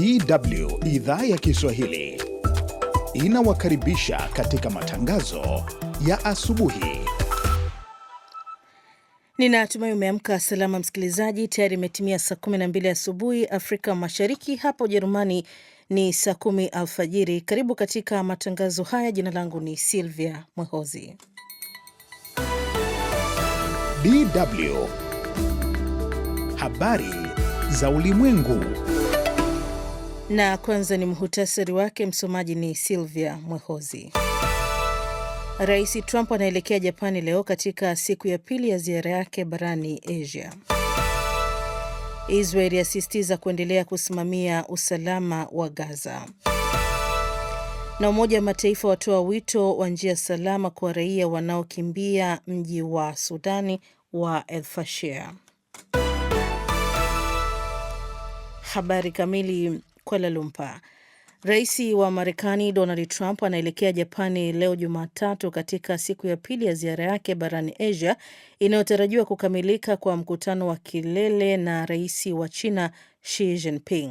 DW idhaa ya Kiswahili inawakaribisha katika matangazo ya asubuhi. Ninatumai umeamka salama msikilizaji. Tayari imetimia saa 12 asubuhi Afrika Mashariki, hapa Ujerumani ni saa kumi alfajiri. Karibu katika matangazo haya. Jina langu ni Silvia Mwehozi. DW habari za ulimwengu na kwanza ni mhutasari wake. Msomaji ni Silvia Mwehozi. Rais Trump anaelekea Japani leo katika siku ya pili ya ziara yake barani Asia. Israeli yasisitiza kuendelea kusimamia usalama wa Gaza, na Umoja wa Mataifa watoa wito wa njia salama kwa raia wanaokimbia mji wa Sudani wa El Fasher. Habari kamili. Kuala Lumpur. Rais wa Marekani Donald Trump anaelekea Japani leo Jumatatu, katika siku ya pili ya ziara yake barani Asia inayotarajiwa kukamilika kwa mkutano wa kilele na rais wa China Xi Jinping.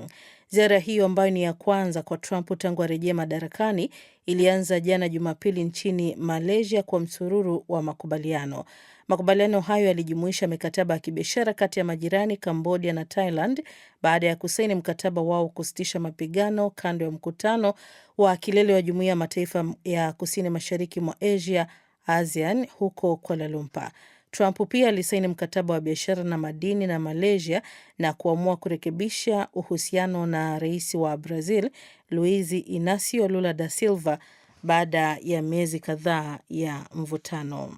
Ziara hiyo ambayo ni ya kwanza kwa Trump tangu arejee madarakani ilianza jana Jumapili nchini Malaysia kwa msururu wa makubaliano. Makubaliano hayo yalijumuisha mikataba ya kibiashara kati ya majirani Cambodia na Thailand baada ya kusaini mkataba wao kusitisha mapigano kando ya mkutano wa kilele wa Jumuiya ya Mataifa ya Kusini Mashariki mwa Asia ASEAN huko Kuala Lumpur. Trump pia alisaini mkataba wa biashara na madini na Malaysia na kuamua kurekebisha uhusiano na rais wa Brazil Luiz Inacio Lula da Silva baada ya miezi kadhaa ya mvutano.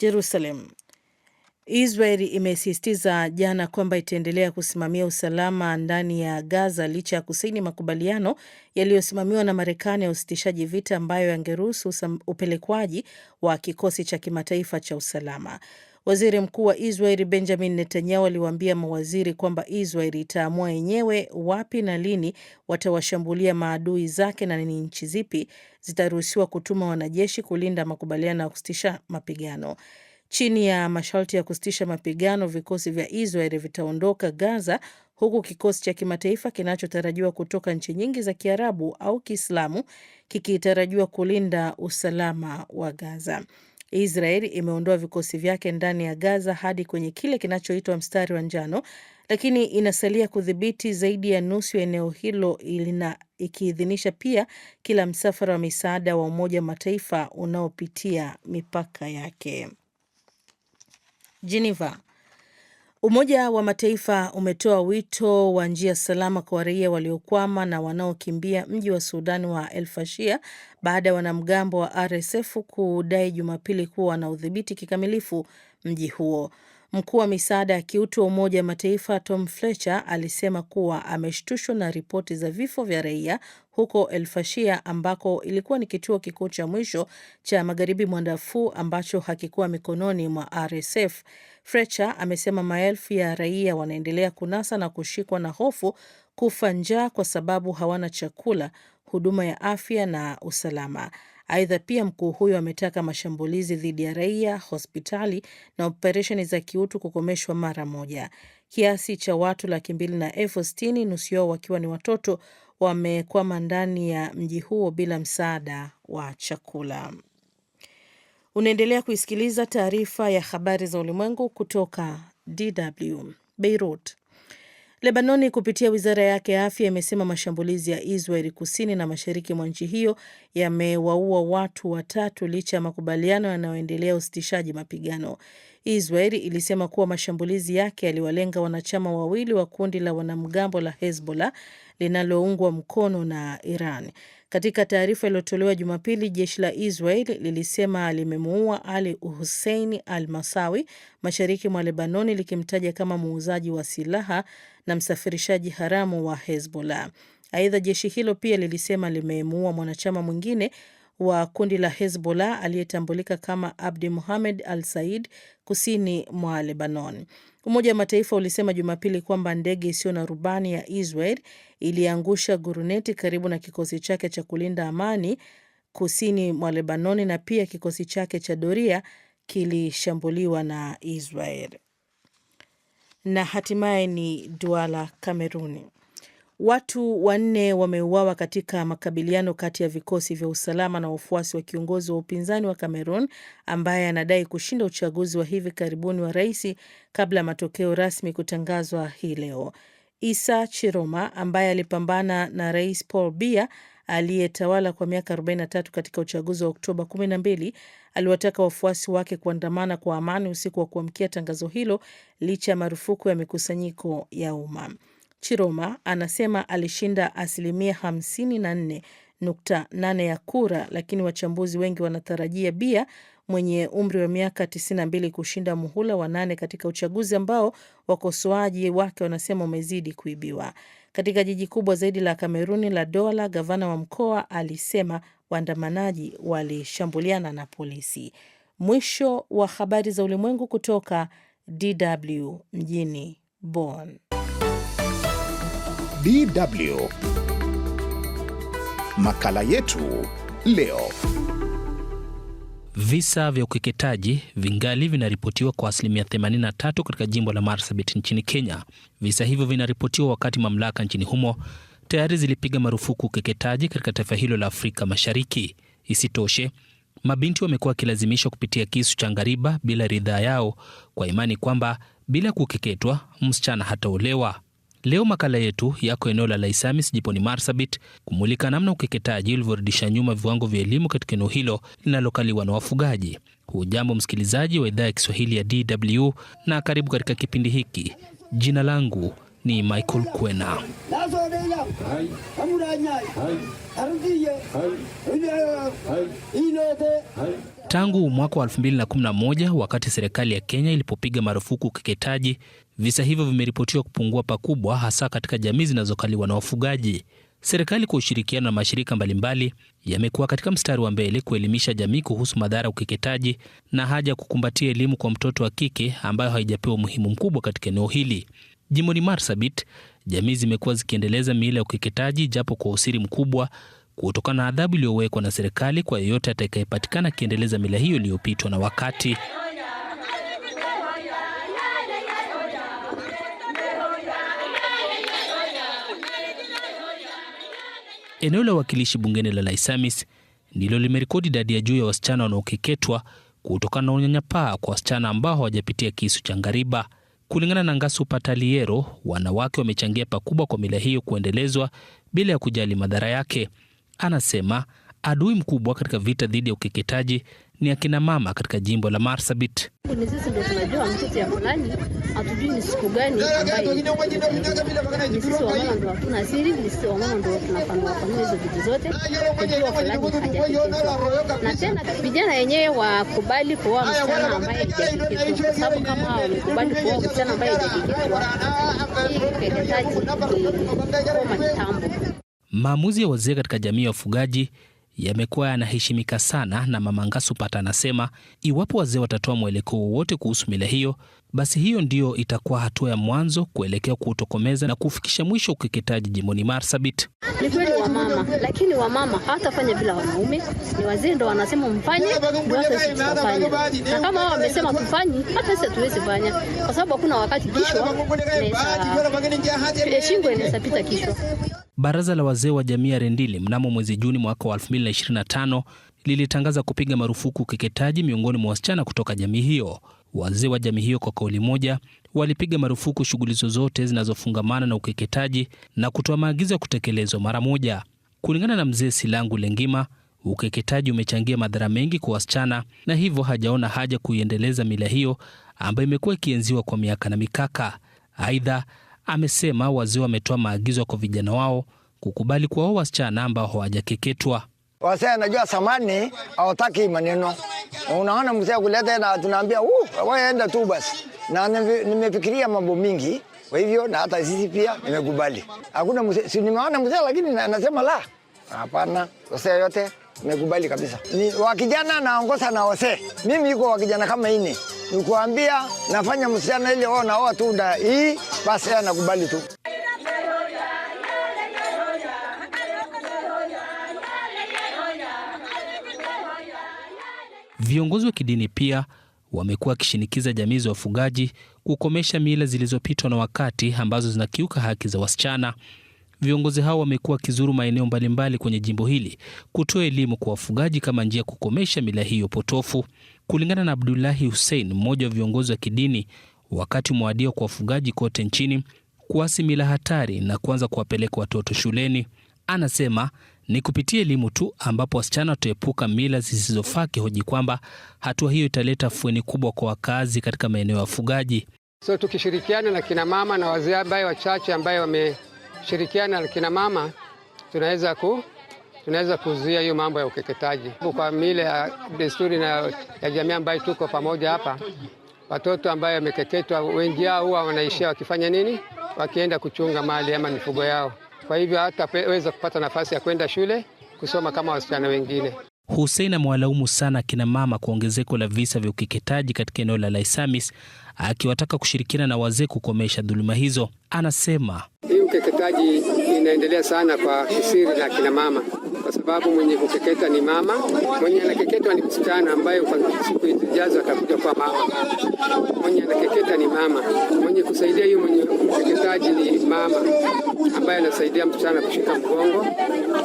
Jerusalem. Israeli imesisitiza jana kwamba itaendelea kusimamia usalama ndani ya Gaza licha ya kusaini makubaliano yaliyosimamiwa na Marekani ya usitishaji vita ambayo yangeruhusu upelekwaji wa kikosi cha kimataifa cha usalama. Waziri Mkuu wa Israel Benjamin Netanyahu aliwaambia mawaziri kwamba Israel itaamua yenyewe wapi na lini watawashambulia maadui zake na ni nchi zipi zitaruhusiwa kutuma wanajeshi kulinda makubaliano ya kusitisha mapigano. Chini ya masharti ya kusitisha mapigano, vikosi vya Israel vitaondoka Gaza, huku kikosi cha kimataifa kinachotarajiwa kutoka nchi nyingi za Kiarabu au Kiislamu kikitarajiwa kulinda usalama wa Gaza. Israel imeondoa vikosi vyake ndani ya Gaza hadi kwenye kile kinachoitwa mstari wa njano, lakini inasalia kudhibiti zaidi ya nusu ya eneo hilo ilina, ikiidhinisha pia kila msafara wa misaada wa Umoja wa Mataifa unaopitia mipaka yake. Geneva. Umoja wa Mataifa umetoa wito wa njia salama kwa raia waliokwama na wanaokimbia mji wa Sudani wa El Fashia baada ya wanamgambo wa RSF kudai Jumapili kuwa na udhibiti kikamilifu mji huo. Mkuu wa misaada ya kiutu wa Umoja wa Mataifa Tom Fletcher alisema kuwa ameshtushwa na ripoti za vifo vya raia huko El Fashia ambako ilikuwa ni kituo kikuu cha mwisho cha magharibi mwa Darfur ambacho hakikuwa mikononi mwa RSF. Fletcher amesema maelfu ya raia wanaendelea kunasa na kushikwa na hofu kufa njaa kwa sababu hawana chakula, huduma ya afya na usalama. Aidha, pia mkuu huyo ametaka mashambulizi dhidi ya raia, hospitali na operesheni za kiutu kukomeshwa mara moja. Kiasi cha watu laki mbili na elfu sitini, nusu yao wakiwa ni watoto, wamekwama ndani ya mji huo bila msaada wa chakula. Unaendelea kuisikiliza taarifa ya habari za ulimwengu kutoka DW. Beirut. Lebanoni kupitia wizara yake ya afya imesema mashambulizi ya Israeli kusini na mashariki mwa nchi hiyo yamewaua watu watatu licha ya makubaliano yanayoendelea usitishaji mapigano. Israeli ilisema kuwa mashambulizi yake yaliwalenga wanachama wawili wa kundi la wanamgambo la Hezbollah linaloungwa mkono na Iran. Katika taarifa iliyotolewa Jumapili, jeshi la Israel lilisema limemuua Ali Hussein al-Masawi mashariki mwa Lebanoni, likimtaja kama muuzaji wa silaha na msafirishaji haramu wa Hezbollah. Aidha, jeshi hilo pia lilisema limemuua mwanachama mwingine wa kundi la Hezbollah aliyetambulika kama Abdi muhamed al Said kusini mwa Lebanon. Umoja wa Mataifa ulisema Jumapili kwamba ndege isiyo na rubani ya Israel iliangusha guruneti karibu na kikosi chake cha kulinda amani kusini mwa Lebanoni na pia kikosi chake cha doria kilishambuliwa na Israel. Na hatimaye ni Duala, Kameruni. Watu wanne wameuawa katika makabiliano kati ya vikosi vya usalama na wafuasi wa kiongozi wa upinzani wa Cameroon ambaye anadai kushinda uchaguzi wa hivi karibuni wa rais kabla ya matokeo rasmi kutangazwa hii leo. Isa Chiroma ambaye alipambana na Rais Paul Biya aliyetawala kwa miaka 43 katika uchaguzi wa Oktoba 12 aliwataka wafuasi wake kuandamana kwa amani usiku wa kuamkia tangazo hilo licha ya marufuku ya mikusanyiko ya umma. Chiroma anasema alishinda asilimia 54.8 ya kura, lakini wachambuzi wengi wanatarajia Bia mwenye umri wa miaka 92 kushinda muhula wa nane katika uchaguzi ambao wakosoaji wake wanasema umezidi kuibiwa. Katika jiji kubwa zaidi la Kameruni la dola gavana wa mkoa alisema waandamanaji walishambuliana na polisi. Mwisho wa habari za ulimwengu kutoka DW mjini Bonn. BW. Makala yetu leo. Visa vya ukeketaji vingali vinaripotiwa kwa asilimia 83 katika jimbo la Marsabit nchini Kenya. Visa hivyo vinaripotiwa wakati mamlaka nchini humo tayari zilipiga marufuku ukeketaji katika taifa hilo la Afrika Mashariki. Isitoshe, mabinti wamekuwa wakilazimishwa kupitia kisu cha ngariba bila ridhaa yao, kwa imani kwamba bila kukeketwa msichana hataolewa. Leo makala yetu yako eneo la Laisamis jiponi Marsabit kumulika namna ukeketaji ulivyorudisha nyuma viwango vya elimu katika eneo hilo linalokaliwa na wafugaji. Hujambo msikilizaji wa idhaa ya Kiswahili ya DW na karibu katika kipindi hiki. Jina langu ni Michael Kwena. Tangu mwaka wa 2011 wakati serikali ya Kenya ilipopiga marufuku ukeketaji, visa hivyo vimeripotiwa kupungua pakubwa, hasa katika jamii zinazokaliwa na wafugaji. Serikali kwa ushirikiano na mashirika mbalimbali yamekuwa katika mstari wa mbele kuelimisha jamii kuhusu madhara ya ukeketaji na haja ya kukumbatia elimu kwa mtoto wa kike ambayo haijapewa umuhimu mkubwa katika eneo hili. Jimboni Marsabit, jamii zimekuwa zikiendeleza miila ya ukeketaji japo kwa usiri mkubwa, kutokana na adhabu iliyowekwa na serikali kwa yeyote atakayepatikana akiendeleza mila hiyo iliyopitwa na wakati. Eneo la wakilishi bungeni la Laisamis ndilo limerekodi idadi ya juu ya wasichana wanaokeketwa kutokana na unyanyapaa kwa wasichana ambao hawajapitia kisu cha ngariba. Kulingana na Ngasu Pataliero, wanawake wamechangia pakubwa kwa mila hiyo kuendelezwa bila ya kujali madhara yake anasema adui mkubwa katika vita dhidi ya ukeketaji ni akina mama katika jimbo la Marsabit. Ni sisi ndio tunajua mtoto ya fulani, hatujui ni siku gani ambayo sisi wamama ndio hizo vitu zote, Na tena vijana wenyewe wakubali kuoa msichana ambaye kwa sababu kama wamekubali kuoa msichana ambaye hii ukeketaji ni kitambo. Maamuzi ya wazee katika jamii ya wafugaji yamekuwa yanaheshimika sana, na Mama Ngasu Pata anasema iwapo wazee watatoa mwelekeo wowote kuhusu mila hiyo, basi hiyo ndiyo itakuwa hatua ya mwanzo kuelekea kuutokomeza na kufikisha mwisho ukeketaji jimboni Marsabit. Ni kweli wamama, lakini wamama hawatafanya bila wanaume. Ni wazee ndo wanasema mfanye, ndo sisi tutafanya, na kama wao wamesema tufanye, hata sisi hatuwezi fanya, kwa sababu hakuna wakati kishwa shingo inaweza pita kishwa. Baraza la wazee wa jamii ya rendili mnamo mwezi Juni mwaka wa 2025 lilitangaza kupiga marufuku ukeketaji miongoni mwa wasichana kutoka jamii hiyo. Wazee wa jamii hiyo kwa kauli moja walipiga marufuku shughuli zozote zinazofungamana na ukeketaji na kutoa maagizo ya kutekelezwa mara moja. Kulingana na mzee Silangu Lengima, ukeketaji umechangia madhara mengi kwa wasichana na hivyo hajaona haja kuiendeleza mila hiyo ambayo imekuwa ikienziwa kwa miaka na mikaka. Aidha, amesema wazee wametoa maagizo kwa vijana wao kukubali kuwaoa wasichana ambao hawajakeketwa. Wazee anajua samani, hawataki maneno. Unaona mzee kuleta na tunaambia waenda tu basi, na nimefikiria mambo mingi, kwa hivyo na hata sisi pia nimekubali. Hakuna mzee, si nimeona mzee, lakini anasema la, hapana, wazee yote Mekubali kabisa. Ni wakijana naongoza na ose. Mimi yuko wakijana kama ine. Nikuambia nafanya msichana ile wao na wao hii basi anakubali tu. Viongozi wa kidini pia wamekuwa wakishinikiza jamii za wafugaji kukomesha mila zilizopitwa na wakati ambazo zinakiuka haki za wasichana. Viongozi hao wamekuwa wakizuru maeneo mbalimbali kwenye jimbo hili kutoa elimu kwa wafugaji kama njia ya kukomesha mila hiyo potofu. Kulingana na Abdullahi Hussein, mmoja wa viongozi wa kidini, wakati umewadia kwa wafugaji kote nchini kuasi mila hatari na kuanza kuwapeleka watoto shuleni. Anasema ni kupitia elimu tu ambapo wasichana wataepuka mila zisizofaa, kihoji kwamba hatua hiyo italeta afueni kubwa kwa wakazi katika maeneo ya wafugaji. So tukishirikiana na kinamama na wazee ambaye wachache ambaye wame kushirikiana na kina mama tunaweza ku tunaweza kuzuia hiyo mambo ya ukeketaji kwa mile ya desturi na ya jamii ambayo tuko pamoja hapa. Watoto ambayo wamekeketwa wengi yao huwa wanaishia wakifanya nini? Wakienda kuchunga mali ama mifugo yao, kwa hivyo hataweza kupata nafasi ya kwenda shule kusoma kama wasichana wengine. Hussein amewalaumu sana kina mama kwa ongezeko la visa vya ukeketaji katika eneo la Laisamis akiwataka kushirikiana na wazee kukomesha dhuluma hizo. Anasema hii ukeketaji inaendelea sana kwa kisiri la kina mama, kwa sababu mwenye kukeketa ni mama, mwenye anakeketwa ni msichana ambaye kwa siku zijazo atakuja kwa mama. Mwenye anakeketa ni mama, mwenye kusaidia hiyo mwenye ukeketaji ni mama, ambaye anasaidia msichana kushika mgongo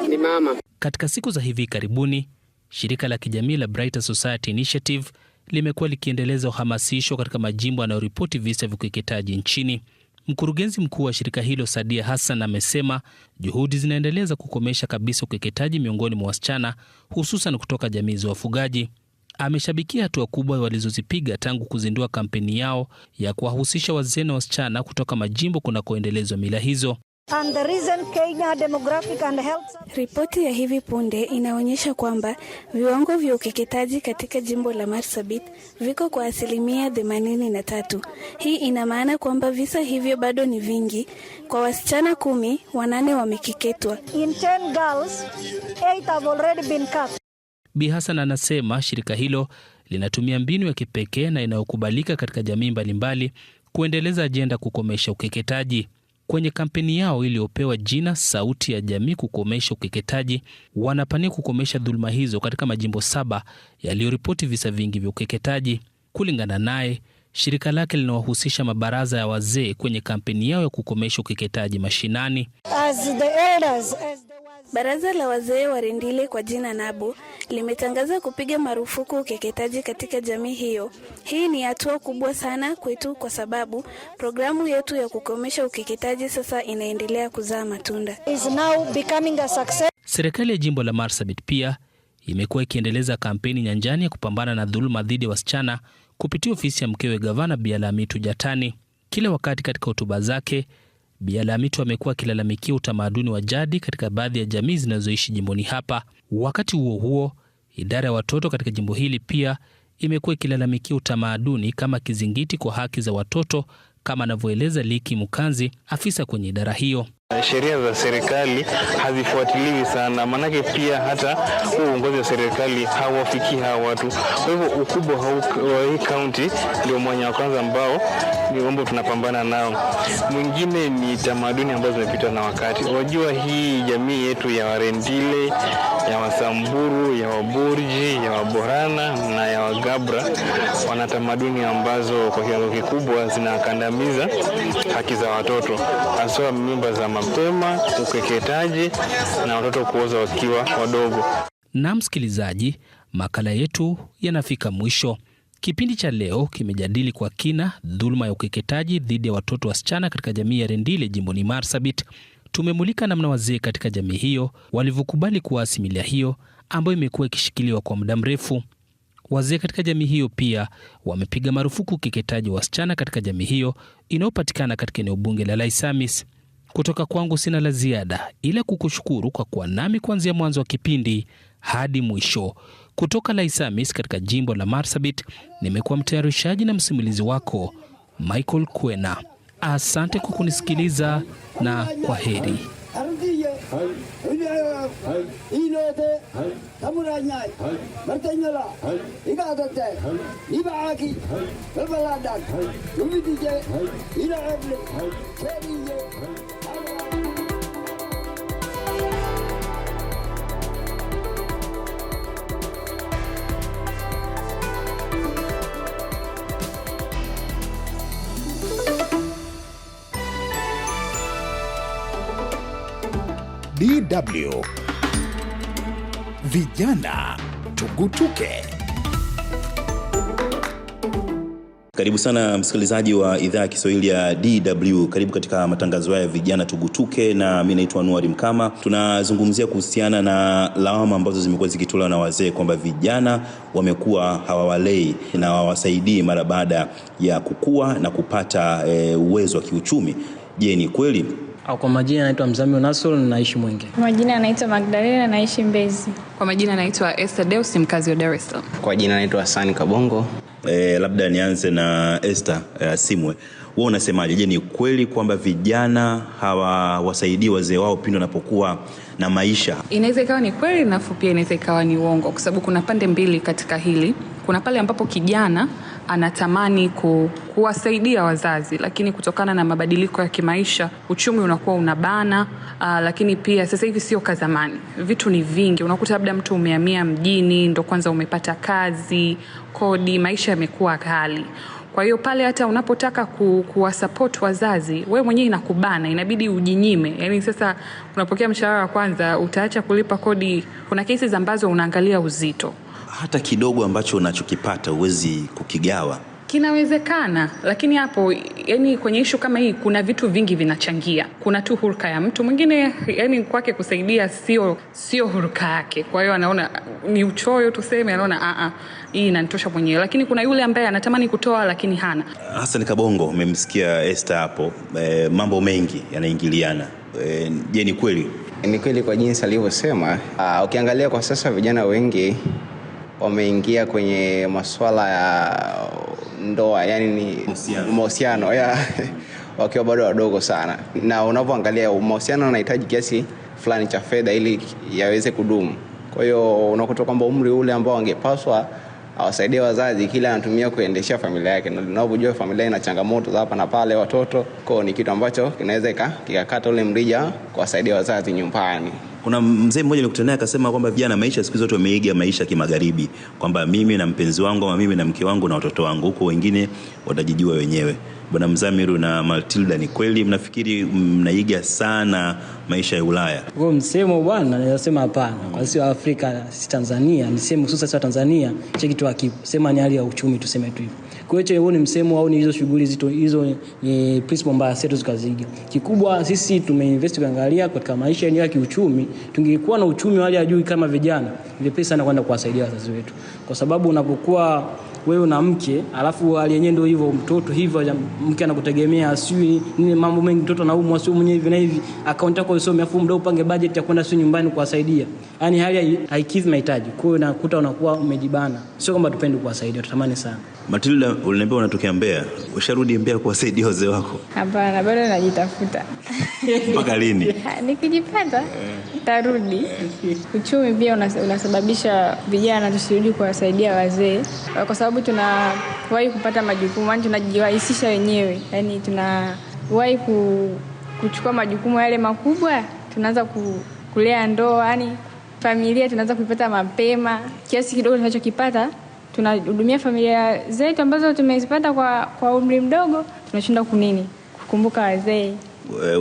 ni mama. Katika siku za hivi karibuni, shirika la kijamii la Brighter Society Initiative limekuwa likiendeleza uhamasisho katika majimbo yanayoripoti visa vya ukeketaji nchini. Mkurugenzi mkuu wa shirika hilo Sadia Hassan amesema juhudi zinaendelea za kukomesha kabisa ukeketaji miongoni mwa wasichana, hususan kutoka jamii za wafugaji. Ameshabikia hatua kubwa walizozipiga tangu kuzindua kampeni yao ya kuwahusisha wazee na wasichana kutoka majimbo kunakoendelezwa mila hizo. Ripoti ya hivi punde inaonyesha kwamba viwango vya ukeketaji katika jimbo la Marsabit viko kwa asilimia 83. Hii ina maana kwamba visa hivyo bado ni vingi. Kwa wasichana kumi, wanane wamekeketwa. Bi Hassan anasema shirika hilo linatumia mbinu ya kipekee na inayokubalika katika jamii mbalimbali kuendeleza ajenda kukomesha ukeketaji kwenye kampeni yao iliyopewa jina Sauti ya Jamii kukomesha ukeketaji, wanapania kukomesha dhuluma hizo katika majimbo saba yaliyoripoti visa vingi vya ukeketaji. Kulingana naye, shirika lake linawahusisha mabaraza ya wazee kwenye kampeni yao ya kukomesha ukeketaji mashinani. As the elders, as the... Baraza la wazee wa Rendile kwa jina NABU limetangaza kupiga marufuku ukeketaji katika jamii hiyo. Hii ni hatua kubwa sana kwetu kwa sababu programu yetu ya kukomesha ukeketaji sasa inaendelea kuzaa matunda. Serikali ya jimbo la Marsabit pia imekuwa ikiendeleza kampeni nyanjani ya kupambana na dhuluma dhidi ya wasichana kupitia ofisi ya mkewe gavana Bialamitu Jatani. Kila wakati katika hotuba zake Bialamitu amekuwa akilalamikia utamaduni wa jadi katika baadhi ya jamii zinazoishi jimboni hapa. Wakati huo huo, idara ya watoto katika jimbo hili pia imekuwa ikilalamikia utamaduni kama kizingiti kwa haki za watoto, kama anavyoeleza Liki mukanzi afisa kwenye idara hiyo. Eh, sheria za serikali hazifuatiliwi sana, maanake pia hata huu uongozi wa serikali hawafikii hawa watu. Kwa hivyo ukubwa wa hii kaunti ndio mwanya wa kwanza ambao ni mambo tunapambana nao. Mwingine ni tamaduni ambazo zimepitwa na wakati. Unajua hii jamii yetu ya Warendile, ya Wasamburu, ya Waburji, ya Waborana na ya Wagabra wana tamaduni ambazo kwa kiwango kikubwa zinakandamiza haki za watoto, hasa mimba za mama mapema, ukeketaji na watoto kuoza wakiwa wadogo. Na msikilizaji, makala yetu yanafika mwisho. Kipindi cha leo kimejadili kwa kina dhuluma ya ukeketaji dhidi ya watoto wasichana katika jamii ya Rendile jimboni Marsabit. Tumemulika namna wazee katika jamii hiyo walivyokubali kuasi mila hiyo ambayo imekuwa ikishikiliwa kwa muda mrefu. Wazee katika jamii hiyo pia wamepiga marufuku ukeketaji wa wasichana katika jamii hiyo inayopatikana katika eneo bunge la Laisamis. Kutoka kwangu sina la ziada ila kukushukuru kwa kuwa nami kuanzia mwanzo wa kipindi hadi mwisho. Kutoka Laisamis katika jimbo la Marsabit, nimekuwa mtayarishaji na msimulizi wako Michael Kwena. Asante kwa kunisikiliza na kwa heri. DW Vijana Tugutuke. Karibu sana msikilizaji wa idhaa ya Kiswahili ya DW. Karibu katika matangazo haya ya vijana tugutuke, na mimi naitwa nuari Mkama. Tunazungumzia kuhusiana na lawama ambazo zimekuwa zikitolewa na wazee kwamba vijana wamekuwa hawawalei na hawawasaidii mara baada ya kukua na kupata e, uwezo wa kiuchumi. Je, ni kweli? Au kwa majina anaitwa Mzami Unasul, na naishi Mwenge. Kwa majina anaitwa Magdalena naishi Mbezi. Kwa majina anaitwa Esther Deus mkazi wa Dar es Salaam. Kwa jina anaitwa Hassan Kabongo. E, labda nianze na Esther e, Simwe. Wewe unasemaje? Je, ni kweli kwamba vijana hawawasaidii wazee wao pindi wanapokuwa na maisha? Inaweza ikawa ni kweli, nafu pia inaweza ikawa ni uongo, kwa sababu kuna pande mbili katika hili. Kuna pale ambapo kijana anatamani ku, kuwasaidia wazazi, lakini kutokana na mabadiliko ya kimaisha uchumi unakuwa unabana. Aa, ah, lakini pia sasa hivi sio kazamani vitu ni vingi. Unakuta labda mtu umehamia mjini, ndo kwanza umepata kazi, kodi, maisha yamekuwa ghali. Kwa hiyo pale hata unapotaka ku, kuwasupport wazazi, we mwenyewe inakubana, inabidi ujinyime. Yaani sasa unapokea mshahara wa kwanza, utaacha kulipa kodi. Kuna kesi ambazo unaangalia uzito hata kidogo ambacho unachokipata huwezi kukigawa? Kinawezekana, lakini hapo, yani kwenye ishu kama hii, kuna vitu vingi vinachangia. Kuna tu hurka ya mtu mwingine, yani kwake kusaidia sio sio hurka yake, kwa hiyo anaona ni uchoyo tuseme, anaona a ah, a, ah, hii inanitosha mwenyewe. Lakini kuna yule ambaye anatamani kutoa lakini hana. Hassan Kabongo, umemsikia Esther hapo e, mambo mengi yanaingiliana. E, je, ni kweli? Ni kweli kwa jinsi alivyosema. Ah, ukiangalia kwa sasa vijana wengi wameingia kwenye maswala ya ndoa yani ni mahusiano ya wakiwa bado wadogo sana na unavyoangalia mahusiano anahitaji kiasi fulani cha fedha ili yaweze kudumu kwa hiyo unakuta kwamba umri ule ambao angepaswa awasaidie wazazi kila anatumia kuendeshea familia yake na unavyojua familia ina changamoto za hapa na pale watoto ko ni kitu ambacho kinaweza kikakata ule mrija kuwasaidia wazazi nyumbani kuna mzee mmoja nilikutana naye akasema kwamba vijana maisha siku zote wameiga maisha kimagharibi, kwamba mimi na mpenzi wangu ama mimi na mke wangu na watoto wangu, huko wengine watajijua wenyewe. Bwana Mzamiru na Matilda, ni kweli mnafikiri mnaiga sana maisha ya Ulaya? Kwa msemo bwana, nasema hapana, kwa sio Afrika, si Tanzania, msemo hususa sio Tanzania, cha kitu akipo sema ni hali ya uchumi, tuseme tu hivyo. Kwa hiyo huo ni msemo au ni hizo shughuli zito hizo, ni principle mbaya zetu zikaziga. Kikubwa sisi tumeinvest kuangalia katika maisha yenyewe ya kiuchumi. Tungekuwa na uchumi wa hali ya juu kama vijana, ile pesa kwenda kuwasaidia wazazi wetu, kwa sababu unapokuwa wewe una mke alafu hali yenyewe ndio hivyo mtoto hivyo mke anakutegemea asiwi nini mambo mengi mtoto anaumwa sio mwenyewe hivi na hivi akaunti yako isome afu mdau upange budget ya kwenda sio nyumbani kuwasaidia yani hali haikidhi mahitaji kwa hiyo unakuta unakuwa umejibana sio kwamba tupendi kuwasaidia tutamani sana Matilda, uliniambia unatokea Mbeya, usharudi Mbeya kuwasaidia wazee wako? Hapana, bado najitafuta. mpaka lini? Nikijipata tarudi. Uchumi pia unasababisha vijana tusirudi kuwasaidia wazee, kwa sababu tunawahi kupata majukumu, yani tunajirahisisha wenyewe, yani tunawahi ku, kuchukua majukumu yale makubwa, tunaanza ku, kulea ndoa, yani familia tunaanza kuipata mapema, kiasi kidogo tunachokipata tunahudumia familia zetu ambazo tumezipata kwa, kwa umri mdogo, tunashindwa kunini kukumbuka wazee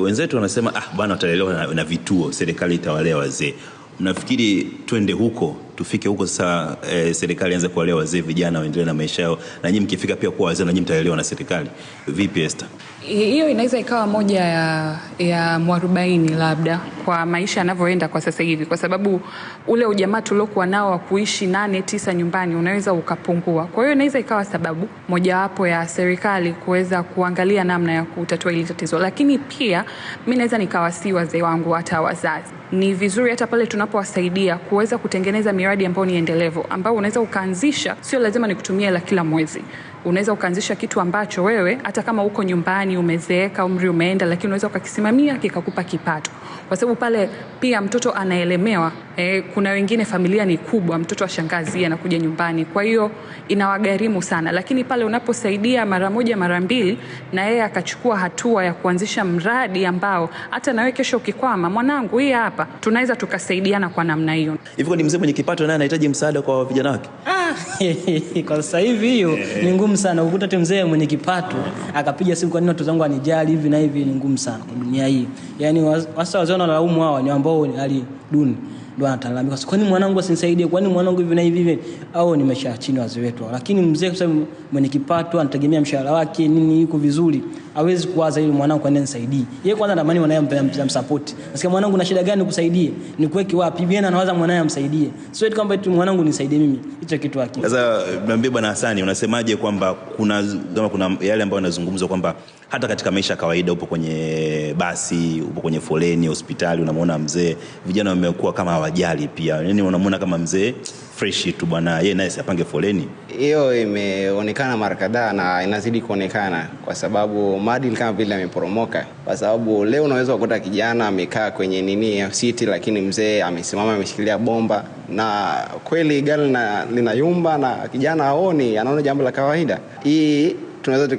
wenzetu wanasema ah, bana watalelewa na, na vituo, serikali itawalea wazee. Mnafikiri twende huko tufike huko sasa e, serikali ianze kuwalea wazee, vijana waendelee na maisha yao, na nyinyi mkifika pia kuwa wazee, na nyinyi mtaelewa na serikali. Vipi Esther? Hiyo inaweza ikawa moja ya, ya mwarobaini labda kwa maisha yanavyoenda kwa sasa hivi, kwa sababu ule ujamaa tuliokuwa nao wa kuishi nane tisa nyumbani unaweza ukapungua. Kwa hiyo inaweza ikawa sababu mojawapo ya serikali kuweza kuangalia namna ya kutatua hili tatizo, lakini pia mi naweza nikawasii wazee wangu hata wazazi, ni vizuri hata pale tunapowasaidia kuweza kutengeneza mi miradi ambayo ni endelevu ambao unaweza ukaanzisha, sio lazima ni kutumia hela kila mwezi. Unaweza ukaanzisha kitu ambacho wewe hata kama uko nyumbani umezeeka, umri umeenda, lakini unaweza ukakisimamia kikakupa kipato kwa sababu pale pia mtoto anaelemewa. E, kuna wengine familia ni kubwa, mtoto wa shangazi anakuja nyumbani, kwa hiyo inawagharimu sana, lakini pale unaposaidia mara moja mara mbili, na yeye akachukua hatua ya kuanzisha mradi ambao hata nawe kesho ukikwama, mwanangu, hii hapa, tunaweza tukasaidiana kwa namna hiyo. Hivyo ni mzee mwenye kipato naye anahitaji msaada kwa vijana wake. Ah, kwa sasa hivi hiyo ni ngumu sana ukuta mzee mwenye kipato akapiga simu, kwa nini watu zangu anijali hivi na hivi, ni ngumu sana kwa dunia hii yani hasa wazazi wanalaumu hawa ni ambao ni hali duni ndo anatalamika kwa nini mwanangu asinisaidie kwa nini mwanangu hivi na hivi hivi au nimesha chini wazee wetu lakini mzee kwa sababu mwenye kipato anategemea mshahara wake nini yuko vizuri hawezi kuwaza ili mwanangu kwa nini nisaidie yeye kwanza anatamani mwanae support nasikia mwanangu na shida gani kusaidie ni kuweke wapi bwana anawaza mwanae amsaidie sio eti kwamba eti mwanangu nisaidie mimi hicho kitu haki sasa niambie bwana Hasani unasemaje kwamba kuna kama kuna yale ambayo yanazungumzwa kwamba hata katika maisha ya kawaida, upo kwenye basi, upo kwenye foleni hospitali, unamwona mzee, vijana wamekuwa kama hawajali pia, yani unamwona kama mzee fresh tu bwana, yeye naye siapange foleni. Hiyo imeonekana mara kadhaa na inazidi kuonekana kwa sababu maadili kama vile ameporomoka kwa sababu leo unaweza kukuta kijana amekaa kwenye nini siti, lakini mzee amesimama ameshikilia bomba, na kweli gari linayumba na kijana aoni, anaona jambo la kawaida hii tunaweza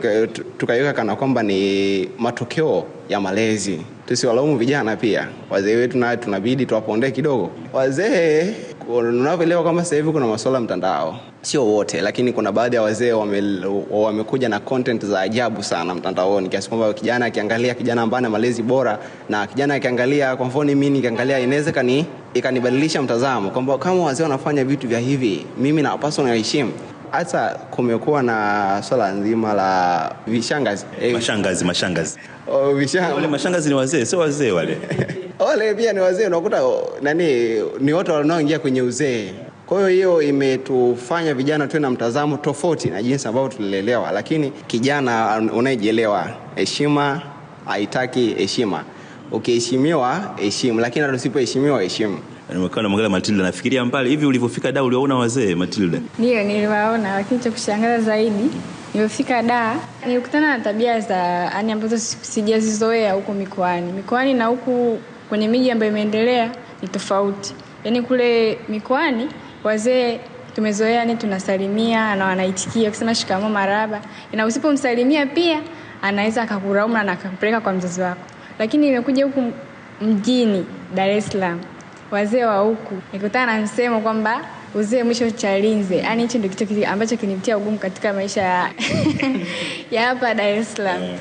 tukaiweka kana kwamba ni matokeo ya malezi tusiwalaumu vijana pia wazee wetu naye tunabidi tuwapondee kidogo wazee unavyoelewa kwamba sasa hivi kuna masuala mtandao sio wote lakini kuna baadhi ya wazee wame, wamekuja na za ajabu sana mtandaoni kiasi kwamba kijana akiangalia kijana ambaye na malezi bora na kijana akiangalia kwa mfano mi nikiangalia inaweza ikanibadilisha mtazamo kwamba kama wazee wanafanya vitu vya hivi mimi napaswa naheshimu hasa kumekuwa na swala nzima la vishangazi eh, mashangazi mashangazi oh, vishang... wale mashangazi ni wazee sio wazee wale wale pia ni wazee unakuta nani ni watu wanaoingia kwenye uzee kwa hiyo hiyo imetufanya vijana tuwe na mtazamo tofauti na jinsi ambavyo tulielewa lakini kijana unayejielewa, heshima haitaki heshima. Ukiheshimiwa heshimu, lakini tusipoheshimiwa heshimu nimekaa namwangalia Matilda, nafikiria mbali hivi. Ulivyofika da uliwaona wazee Matilda? Ndio, niliwaona, lakini cha kushangaza zaidi nilivyofika da nilikutana na tabia za yani ambazo sijazizoea huko mikoani. Mikoani na huku kwenye miji ambayo imeendelea ni tofauti. Yaani kule mikoani wazee tumezoea ni yaani tunasalimia na wanaitikia kusema shikamoo, maraba, na usipomsalimia pia anaweza akakurauma na akakupeleka kwa mzazi wako, lakini imekuja huku mjini Dar es Salaam wazee wa huku nikutana na msemo kwamba uzee mwisho chalinze. Yaani hicho ndio kitu ambacho kinitia ugumu katika maisha ya ya hapa Dar es Salaam. Yeah.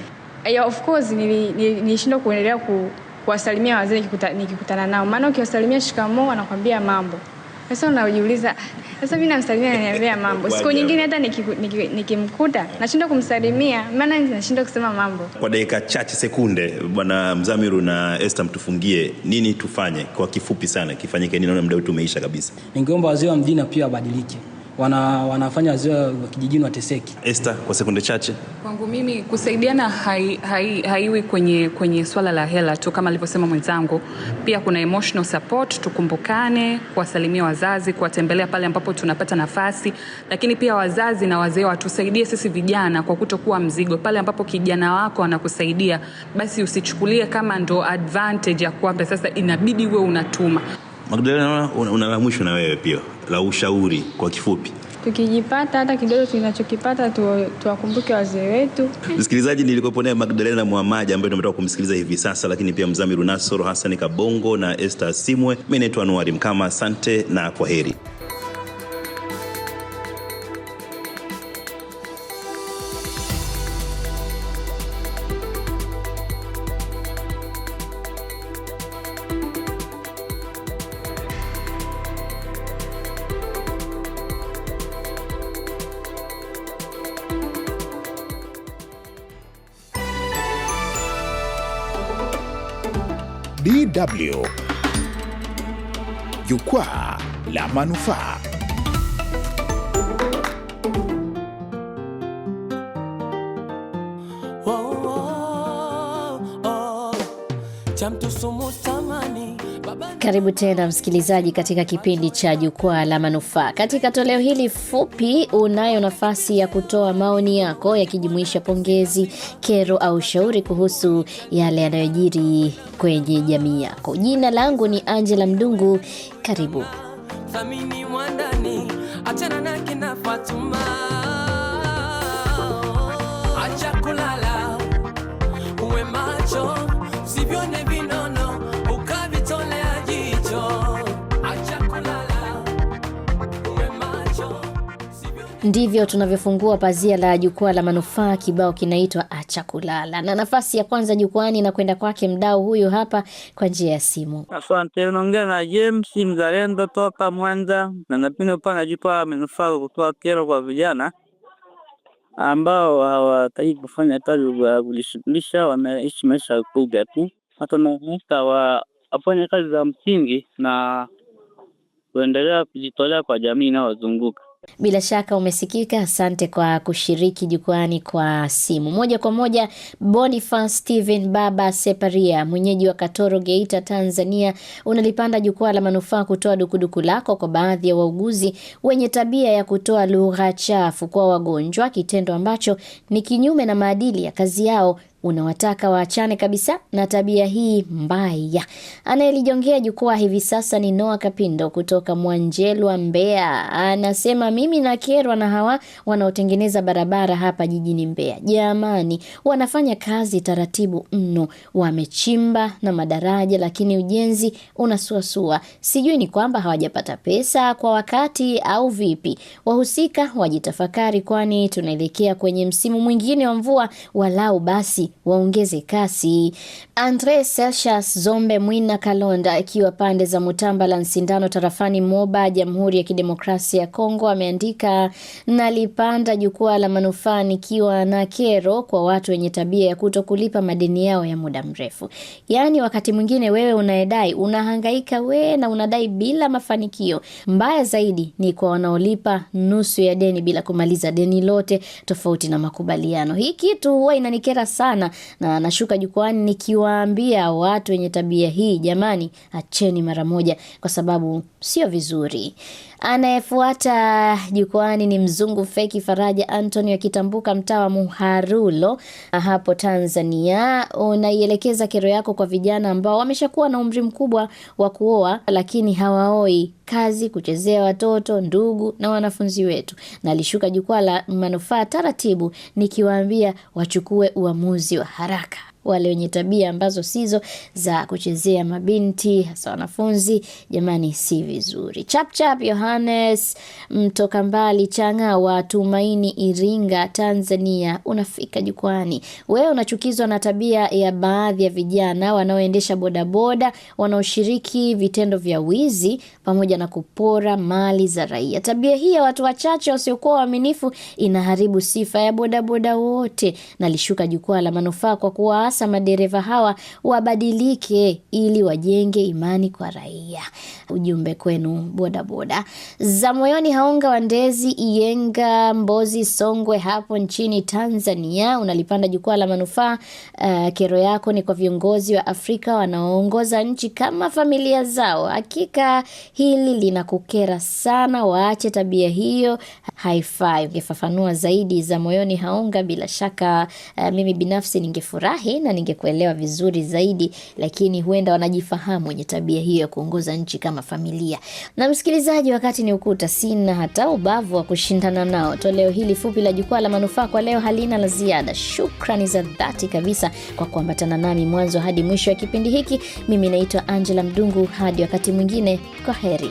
Yeah, of course nilishindwa kuendelea ku, kuwasalimia wazee nikikutana nao, maana ukiwasalimia shikamoo wanakwambia mambo sasa unajiuliza sasa mimi namsalimia ananiambia mambo. Siku nyingine hata nikimkuta niki nashindwa kumsalimia, maana nashindwa kusema mambo. Kwa dakika chache sekunde, Bwana Mzamiru na Esther, mtufungie nini tufanye kwa kifupi sana, kifanyike nini? Naona muda wetu umeisha kabisa. Ningeomba wazee wa mjini pia wabadilike wana, wanafanya wazee wa kijijini wateseki. Esther, kwa sekunde chache. Kwangu mimi kusaidiana hai, hai, haiwi kwenye, kwenye swala la hela tu kama alivyosema mwenzangu, pia kuna emotional support, tukumbukane, kuwasalimia wazazi, kuwatembelea pale ambapo tunapata nafasi, lakini pia wazazi na wazee watusaidie sisi vijana kwa kutokuwa mzigo. Pale ambapo kijana wako anakusaidia, basi usichukulie kama ndo advantage ya kwamba sasa inabidi we unatuma. Magdalena, una la mwisho na wewe pia la ushauri kwa kifupi tukijipata hata kidogo tunachokipata tuwakumbuke tu wazee wetu. Msikilizaji, nilikuwepo naye Magdalena Mwamaja ambaye tumetoka kumsikiliza hivi sasa, lakini pia Mzamiru Nasoro, Hasani Kabongo na Esther Simwe. Mimi naitwa Anuari Mkama, asante na kwa heri. DW, jukwaa la manufaa. Karibu tena msikilizaji, katika kipindi cha Jukwaa la Manufaa. Katika toleo hili fupi, unayo nafasi ya kutoa maoni yako yakijumuisha pongezi, kero au shauri kuhusu yale yanayojiri kwenye jamii yako. Jina langu ni Angela Mdungu, karibu. Ndivyo tunavyofungua pazia la jukwaa la manufaa. Kibao kinaitwa acha kulala, na nafasi ya kwanza jukwani inakwenda kwake mdau huyu hapa kwa njia ya simu. Asante, unaongea na James mzalendo toka Mwanza, na napinda upana jukwaa la manufaa kutoa kero kwa vijana ambao hawataki kufanya kazi za kujishughulisha, wanaishi maisha kuga tu. Hata namuka wafanye kazi za msingi na kuendelea kujitolea kwa jamii inayowazunguka. Bila shaka umesikika. Asante kwa kushiriki jukwani kwa simu moja kwa moja. Boniface Steven Baba Separia, mwenyeji wa Katoro, Geita, Tanzania, unalipanda jukwaa la manufaa kutoa dukuduku lako kwa baadhi ya wauguzi wenye tabia ya kutoa lugha chafu kwa wagonjwa, kitendo ambacho ni kinyume na maadili ya kazi yao unawataka waachane kabisa na tabia hii mbaya. Anayelijongea jukwaa hivi sasa ni Noah Kapindo kutoka Mwanjelwa, Mbeya. Anasema mimi nakerwa na hawa wanaotengeneza barabara hapa jijini Mbeya. Jamani, wanafanya kazi taratibu mno, wamechimba na madaraja, lakini ujenzi unasuasua. Sijui ni kwamba hawajapata pesa kwa wakati au vipi. Wahusika wajitafakari, kwani tunaelekea kwenye msimu mwingine wa mvua, walau basi waongeze kasi. Andre Celsius Zombe Mwina Kalonda akiwa pande za Mutambala Nsindano tarafani Moba, Jamhuri ya Kidemokrasia ya Kongo ameandika nalipanda jukwaa la manufaa nikiwa na kero kwa watu wenye tabia ya kuto kulipa madeni yao ya muda mrefu. Yaani wakati mwingine wewe unayedai unahangaika we na unadai bila mafanikio. Mbaya zaidi ni kwa wanaolipa nusu ya deni bila kumaliza deni lote tofauti na makubaliano. Hii kitu huwa inanikera sana na, na nashuka jukwani nikiwaambia watu wenye tabia hii, jamani, acheni mara moja, kwa sababu sio vizuri. Anayefuata jukwani ni mzungu feki Faraja Antony akitambuka mtaa wa Muharulo ah, hapo Tanzania. Unaielekeza kero yako kwa vijana ambao wameshakuwa na umri mkubwa wa kuoa lakini hawaoi kazi, kuchezea watoto, ndugu na wanafunzi wetu. Nalishuka jukwaa la manufaa taratibu, nikiwaambia wachukue uamuzi wa haraka wale wenye tabia ambazo sizo za kuchezea mabinti hasa wanafunzi, jamani, si vizuri. Chapchap Yohanes mtoka mbali changa wa Tumaini, Iringa, Tanzania, unafika jukwani. Wewe unachukizwa na tabia ya baadhi ya vijana wanaoendesha bodaboda wanaoshiriki vitendo vya wizi pamoja na kupora mali za raia. Tabia hii ya watu wachache wasiokuwa waaminifu inaharibu sifa ya bodaboda wote. Nalishuka jukwaa la manufaa kwa kuwa sasa madereva hawa wabadilike ili wajenge imani kwa raia. Ujumbe kwenu bodaboda za moyoni. Haonga Wandezi Iyenga, Mbozi, Songwe hapo nchini Tanzania, unalipanda jukwaa la manufaa. Uh, kero yako ni kwa viongozi wa Afrika wanaoongoza nchi kama familia zao. Hakika hili linakukera sana, waache tabia hiyo, haifai. Ungefafanua zaidi za moyoni Haonga. Bila shaka uh, mimi binafsi ningefurahi na ningekuelewa vizuri zaidi, lakini huenda wanajifahamu wenye tabia hiyo ya kuongoza nchi kama familia. Na msikilizaji, wakati ni ukuta, sina hata ubavu wa kushindana nao. Toleo hili fupi la Jukwaa la Manufaa kwa leo halina la ziada. Shukrani za dhati kabisa kwa kuambatana nami mwanzo hadi mwisho ya kipindi hiki. Mimi naitwa Angela Mdungu. Hadi wakati mwingine, kwa heri.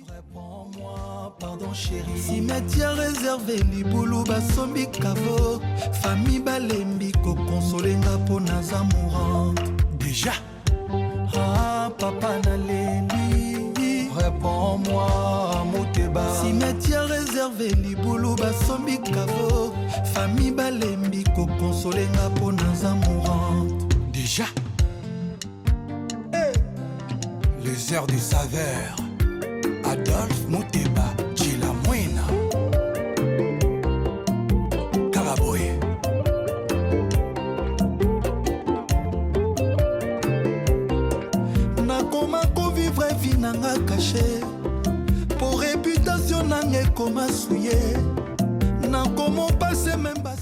Pardon chéri cimetière réservé libulu basombi kavo fami balembi na po naza mourante déjà ah, papa Vrai réponds-moi moteba cimetière réservé libulu basombi kavo famille balembi n'a po na mourante déjà les airs du saveur Adolphe Moutéba ekoma kashe po reputation nanga ekoma suye nakomo pase memba